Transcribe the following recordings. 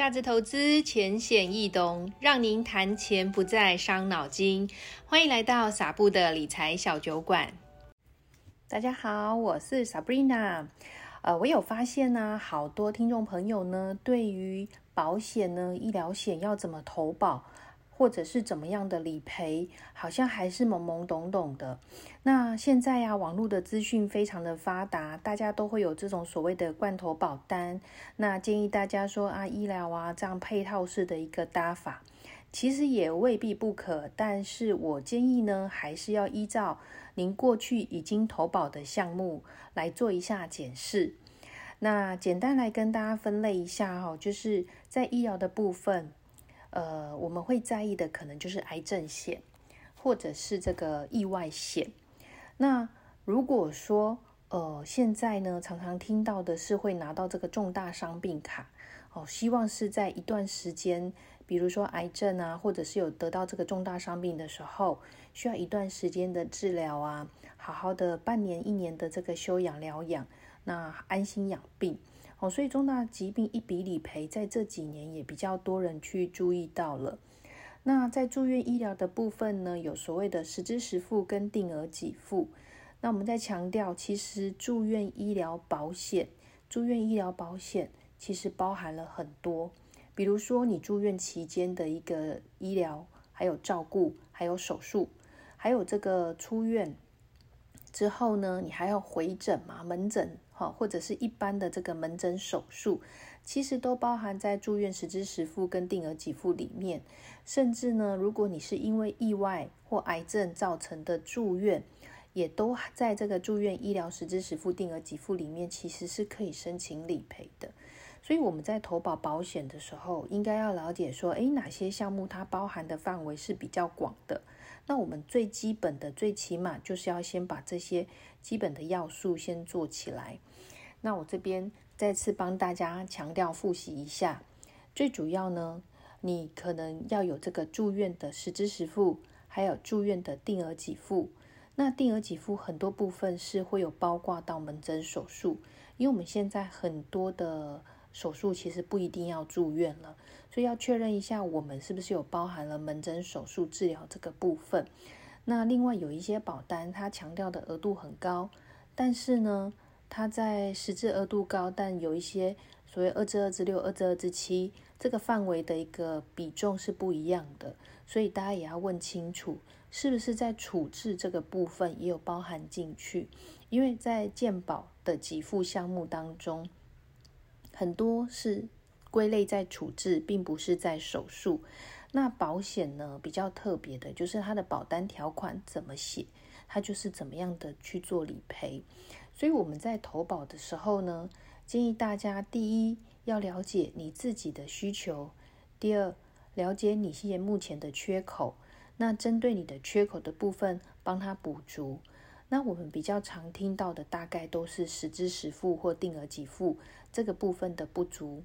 價值投資淺顯易懂，讓您談錢不再傷腦筋。歡迎來到撒布的理財小酒館。大家好，我是 Sabrina。呃，我有發現呢、啊，好多聽眾朋友呢，對於保險呢，醫療險要怎麼投保，或者是怎麼樣的理賠，好像還是懵懵懂懂的。那現在呀、啊，網絡的資訊非常的發達，大家都會有這種所謂的罐頭保單。那建議大家說啊，醫療啊這樣配套式的一個搭法，其實也未必不可。但是我建議呢，還是要依照您過去已經投保的項目來做一下檢視。那簡單來跟大家分類一下哈、哦，就是在醫療的部分。呃，我們會在意的可能就是癌症險，或者是這個意外險。那如果說呃現在呢，常常聽到的是會拿到這個重大傷病卡，哦，希望是在一段時間，比如說癌症啊，或者是有得到這個重大傷病的時候，需要一段時間的治療啊，好好的半年一年的這個休養療養。那、啊、安心養病哦，所以重大疾病一筆理賠，在這幾年也比較多人去注意到了。那在住院醫療的部分呢，有所謂的實支實付跟定額給付。那我們再強調，其實住院醫療保險，住院醫療保險其實包含了很多，比如說你住院期間的一個醫療，還有照顧，還有手術，還有這個出院。之後呢，你還要回診嘛，門診哈，或者是一般的這個門診手術，其實都包含在住院實支實付跟定額給付裡面。甚至呢，如果你是因為意外或癌症造成的住院，也都在這個住院醫療實支實付定額給付裡面，其實是可以申請理賠的。所以我們在投保保險的時候，應該要了解說，哎，哪些項目它包含的範圍是比較廣的。那我們最基本的、最起碼就是要先把這些基本的要素先做起來。那我這邊再次幫大家強調復習一下，最主要呢，你可能要有這個住院的實支實付，還有住院的定額給付。那定額給付很多部分是會有包括到門診手術，因為我們現在很多的。手術其實不一定要住院了，所以要確認一下我們是不是有包含了門診手術治療這個部分。那另外有一些保單，它強調的額度很高，但是呢，它在實質額度高，但有一些所謂二至二至六、二至二至七這個範圍的一個比重是不一樣的，所以大家也要問清楚，是不是在處置這個部分也有包含進去，因為在健保的給付項目當中。很多是歸類在處置，並不是在手術。那保險呢，比較特別的，就是它的保單條款怎麼寫，它就是怎麼樣的去做理賠。所以我們在投保的時候呢，建議大家第一要了解你自己的需求，第二了解你現在目前的缺口。那針對你的缺口的部分，幫他補足。那我們比較常聽到的，大概都是實支實付或定額給付這個部分的不足。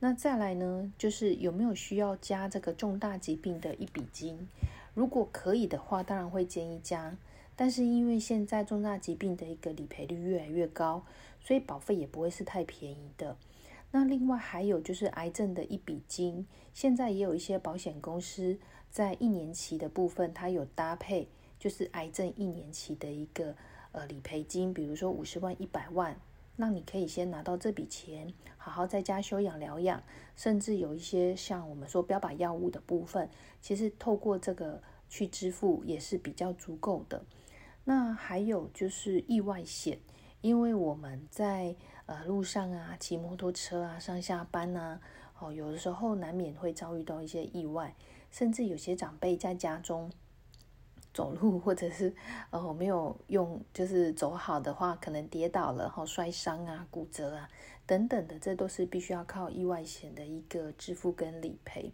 那再來呢，就是有沒有需要加這個重大疾病的一筆金？如果可以的話，當然會建議加。但是因為現在重大疾病的一個理賠率越來越高，所以保費也不會是太便宜的。那另外還有就是癌症的一筆金，現在也有一些保險公司在一年期的部分，它有搭配。就是癌症一年期的一個呃理賠金，比如說五十萬、一百萬，那你可以先拿到這筆錢，好好在家休養療養，甚至有一些像我們說標靶藥物的部分，其實透過這個去支付也是比較足夠的。那還有就是意外險，因為我們在呃路上啊、騎摩托車啊、上下班啊，哦，有的時候難免會遭遇到一些意外，甚至有些長輩在家中。走路或者是呃、哦、沒有用，就是走好的話，可能跌倒了，然後摔傷啊、骨折啊等等的，這都是必須要靠意外險的一個支付跟理賠。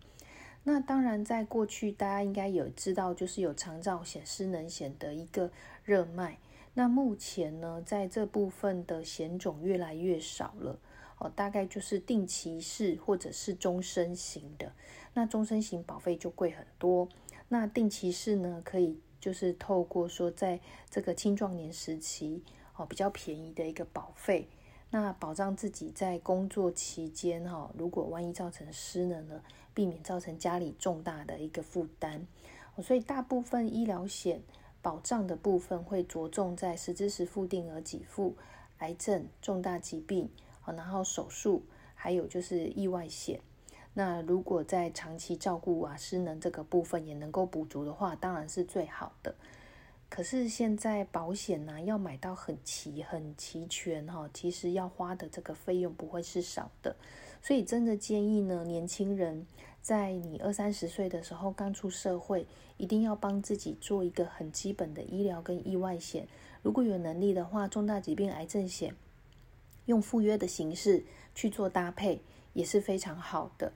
那當然，在過去大家應該有知道，就是有長照險、失能險的一個熱賣。那目前呢，在這部分的險種越來越少了哦，大概就是定期式或者是終身型的。那終身型保費就貴很多，那定期式呢可以。就是透過說，在這個青壯年時期哦，比較便宜的一個保費，那保障自己在工作期間哈，哦，如果萬一造成失能呢，避免造成家裡重大的一個負擔。哦，所以大部分醫療險保障的部分會着重在實支實付、定額給付、癌症、重大疾病，哦，然後手術，還有就是意外險。那如果在長期照顧啊失能這個部分也能夠補足的話，當然是最好的。可是現在保險呢、啊，要買到很齊、很齊全哈、哦，其實要花的這個費用不會是少的。所以真的建議呢，年輕人在你二三十歲的時候剛出社會，一定要幫自己做一個很基本的醫療跟意外險。如果有能力的話，重大疾病癌症險，用附約的形式去做搭配。也是非常好的。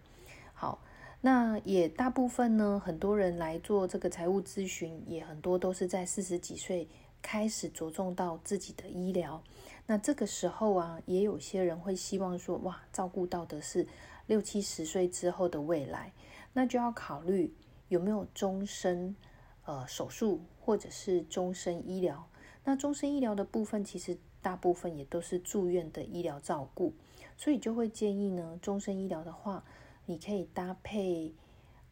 好，那也大部分呢，很多人來做這個財務諮詢，也很多都是在四十幾歲開始着重到自己的醫療。那這個時候啊，也有些人會希望說，哇，照顧到的是六七十歲之後的未來，那就要考慮有沒有終身呃手術或者是終身醫療。那終身醫療的部分，其實。大部分也都是住院的醫療照顧，所以就會建議呢，終身醫療的話，你可以搭配，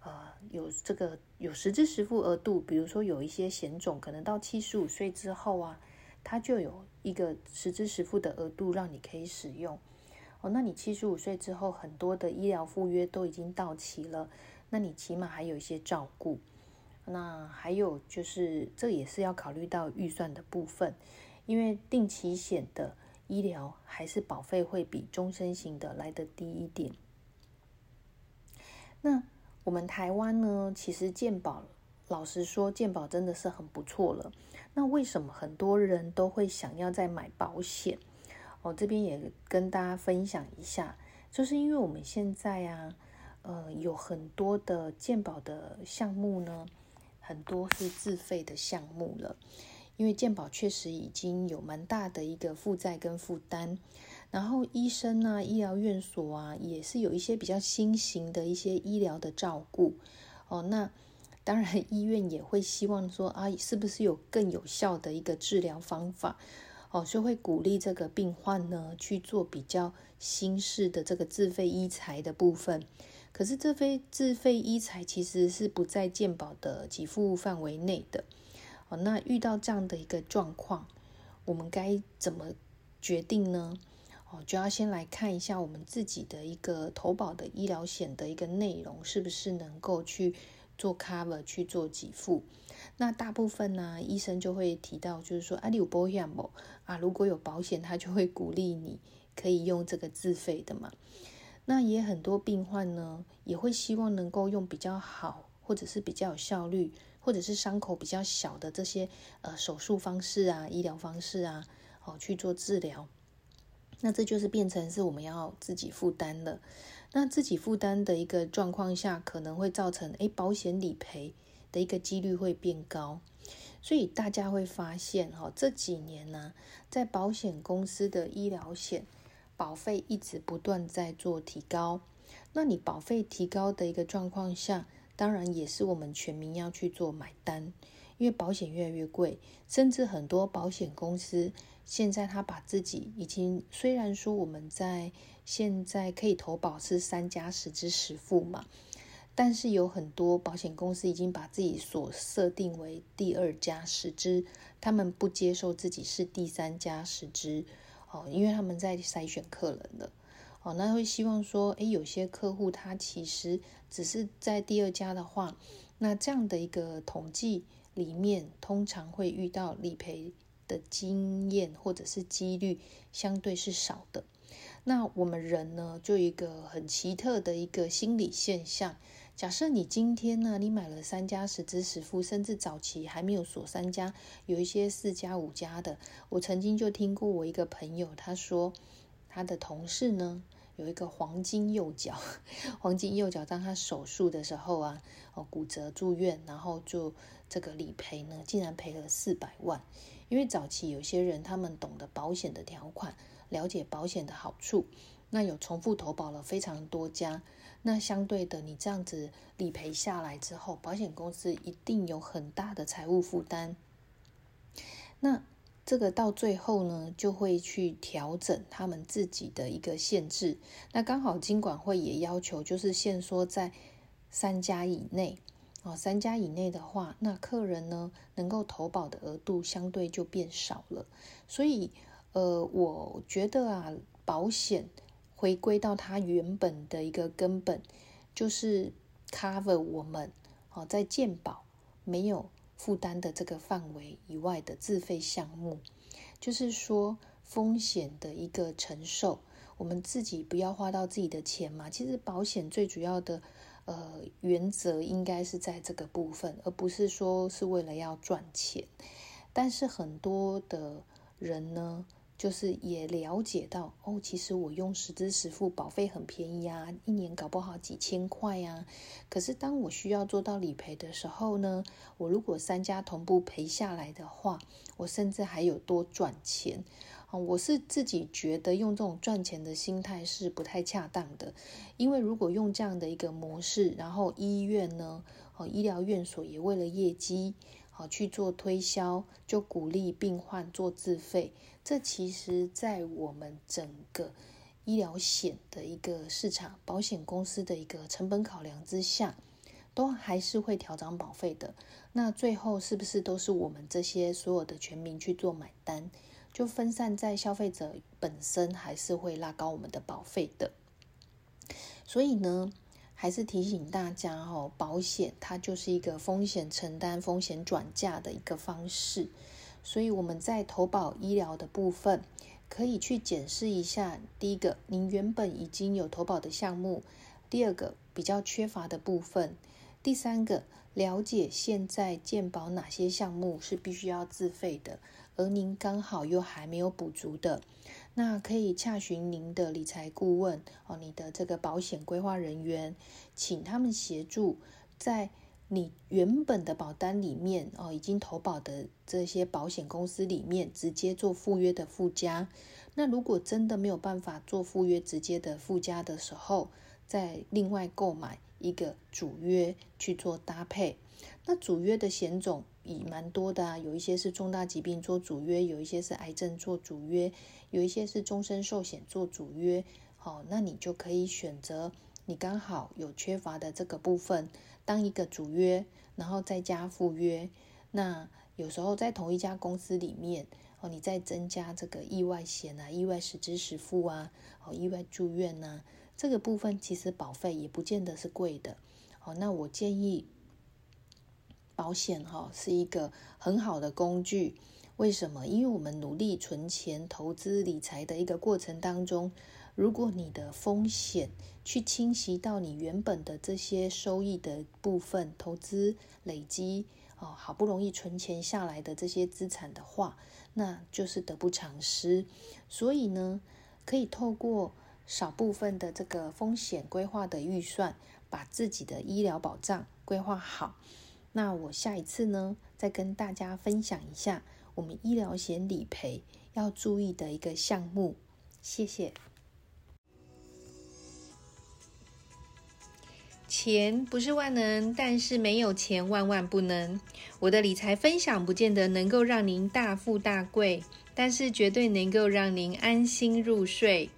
呃，有這個有實支實付額度，比如說有一些險種，可能到七十五歲之後啊，它就有一個實支實付的額度讓你可以使用。哦，那你七十五歲之後，很多的醫療附約都已經到期了，那你起碼還有一些照顧。那還有就是，這也是要考慮到預算的部分。因為定期險的醫療還是保費會比終身型的來得低一點。那我們台灣呢，其實健保，老實說，健保真的是很不錯了。那為什麼很多人都會想要再買保險？我、哦、這邊也跟大家分享一下，就是因為我們現在啊，呃，有很多的健保的項目呢，很多是自費的項目了。因為健保確實已經有蠻大的一個負債跟負擔，然後醫生吶、啊，醫療院所啊，也是有一些比較新型的一些醫療的照顧哦。那當然醫院也會希望說啊，是不是有更有效的一個治療方法哦，就會鼓勵這個病患呢，去做比較新式的這個自費醫材的部分。可是這非自費醫材其實是不在健保的給付範圍內的。那遇到這樣的一個狀況，我們該怎麼決定呢？哦，就要先來看一下我們自己的一個投保的醫療險的一個內容，是不是能夠去做 cover 去做給付？那大部分呢，醫生就會提到，就是說，啊，你有保險嗎？啊，如果有保險，他就會鼓勵你可以用這個自費的嘛。那也很多病患呢，也會希望能夠用比較好，或者是比較有效率。或者是傷口比較小的這些呃手術方式啊、醫療方式啊，哦去做治療，那這就是變成是我們要自己負擔了。那自己負擔的一個狀況下，可能會造成哎保險理賠的一個幾率會變高，所以大家會發現哈、哦，這幾年呢、啊，在保險公司的醫療險保費一直不斷在做提高。那你保費提高的一個狀況下，當然，也是我們全民要去做買單，因為保險越來越貴，甚至很多保險公司現在他把自己已經，雖然說我們在現在可以投保是三家實支實付嘛，但是有很多保險公司已經把自己所設定為第二家實支，他們不接受自己是第三家實支。哦，因為他們在篩選客人了。哦，那會希望說，誒，有些客戶他其實只是在第二家的話，那這樣的一個統計裡面，通常會遇到理賠的經驗或者是幾率相對是少的。那我們人呢，就一個很奇特的一個心理現象。假設你今天呢、啊，你買了三家實支實付，甚至早期還沒有鎖三家，有一些四家五家的。我曾經就聽過我一個朋友，他說他的同事呢。有一個黃金右腳，黃金右腳，當他手術的時候啊，骨折住院，然後就這個理賠呢，竟然賠了四百萬。因為早期有些人他們懂得保險的條款，了解保險的好處，那有重複投保了非常多家，那相對的你這樣子理賠下來之後，保險公司一定有很大的財務負擔。那這個到最後呢，就會去調整他們自己的一個限制。那剛好金管會也要求，就是限縮在三家以內。哦，三家以內的話，那客人呢能夠投保的額度相對就變少了。所以，呃，我覺得啊，保險回歸到它原本的一個根本，就是 cover 我們哦，在健保沒有，負擔的這個範圍以外的自費項目，就是說，風險的一個承受，我們自己不要花到自己的錢嘛。其實保險最主要的呃原則應該是在這個部分，而不是說是為了要賺錢。但是很多的人呢。就是也了解到哦，其實我用實支實付，保費很便宜啊，一年搞不好幾千塊啊。可是當我需要做到理賠的時候呢，我如果三家同步賠下來的話，我甚至還有多賺錢啊、哦。我是自己覺得用這種賺錢的心態是不太恰當的，因為如果用這樣的一個模式，然後醫院呢，哦，醫療院所也為了業績。好去做推銷，就鼓勵病患做自費。這其實，在我們整個醫療險的一個市場，保險公司的一個成本考量之下，都還是會調整保費的。那最後是不是都是我們這些所有的全民去做買單？就分散在消費者本身，還是會拉高我們的保費的。所以呢，還是提醒大家哦，保險它就是一個風險承擔、風險轉嫁的一個方式。所以我們在投保醫療的部分，可以去檢視一下：第一個，您原本已經有投保的項目；第二個，比較缺乏的部分；第三個，了解現在健保哪些項目是必須要自費的，而您剛好又還沒有補足的。那可以洽詢您的理財顧問哦，你的這個保險規劃人員，請他們協助在你原本的保單裡面哦，已經投保的這些保險公司裡面直接做附約的附加。那如果真的沒有辦法做附約直接的附加的時候，再另外購買一個主約去做搭配。那主約的險種。以蠻多的啊，有一些是重大疾病做主約，有一些是癌症做主約，有一些是終身壽險做主約，哦，那你就可以選擇你剛好有缺乏的這個部分當一個主約，然後再加附約。那有時候在同一家公司裡面，哦，你再增加這個意外險啊，意外實支實付啊，哦，意外住院吶、啊，這個部分其實保費也不見得是貴的，哦，那我建議。保險哈是一個很好的工具，為什麼？因為我們努力存錢、投資理財的一個過程當中，如果你的風險去侵襲到你原本的這些收益的部分、投資累積哦，好不容易存錢下來的這些資產的話，那就是得不償失。所以呢，可以透過少部分的這個風險規劃的預算，把自己的醫療保障規劃好。那我下一次呢，再跟大家分享一下我們醫療險理賠要注意的一個項目。謝謝。錢不是萬能，但是沒有錢萬萬不能。我的理財分享不見得能夠讓您大富大貴，但是絕對能夠讓您安心入睡。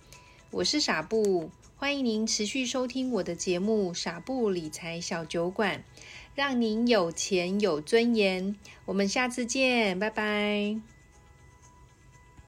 我是傻布，歡迎您持續收聽我的節目《傻布理財小酒館》。讓您有錢有尊嚴。我們下次見，拜拜。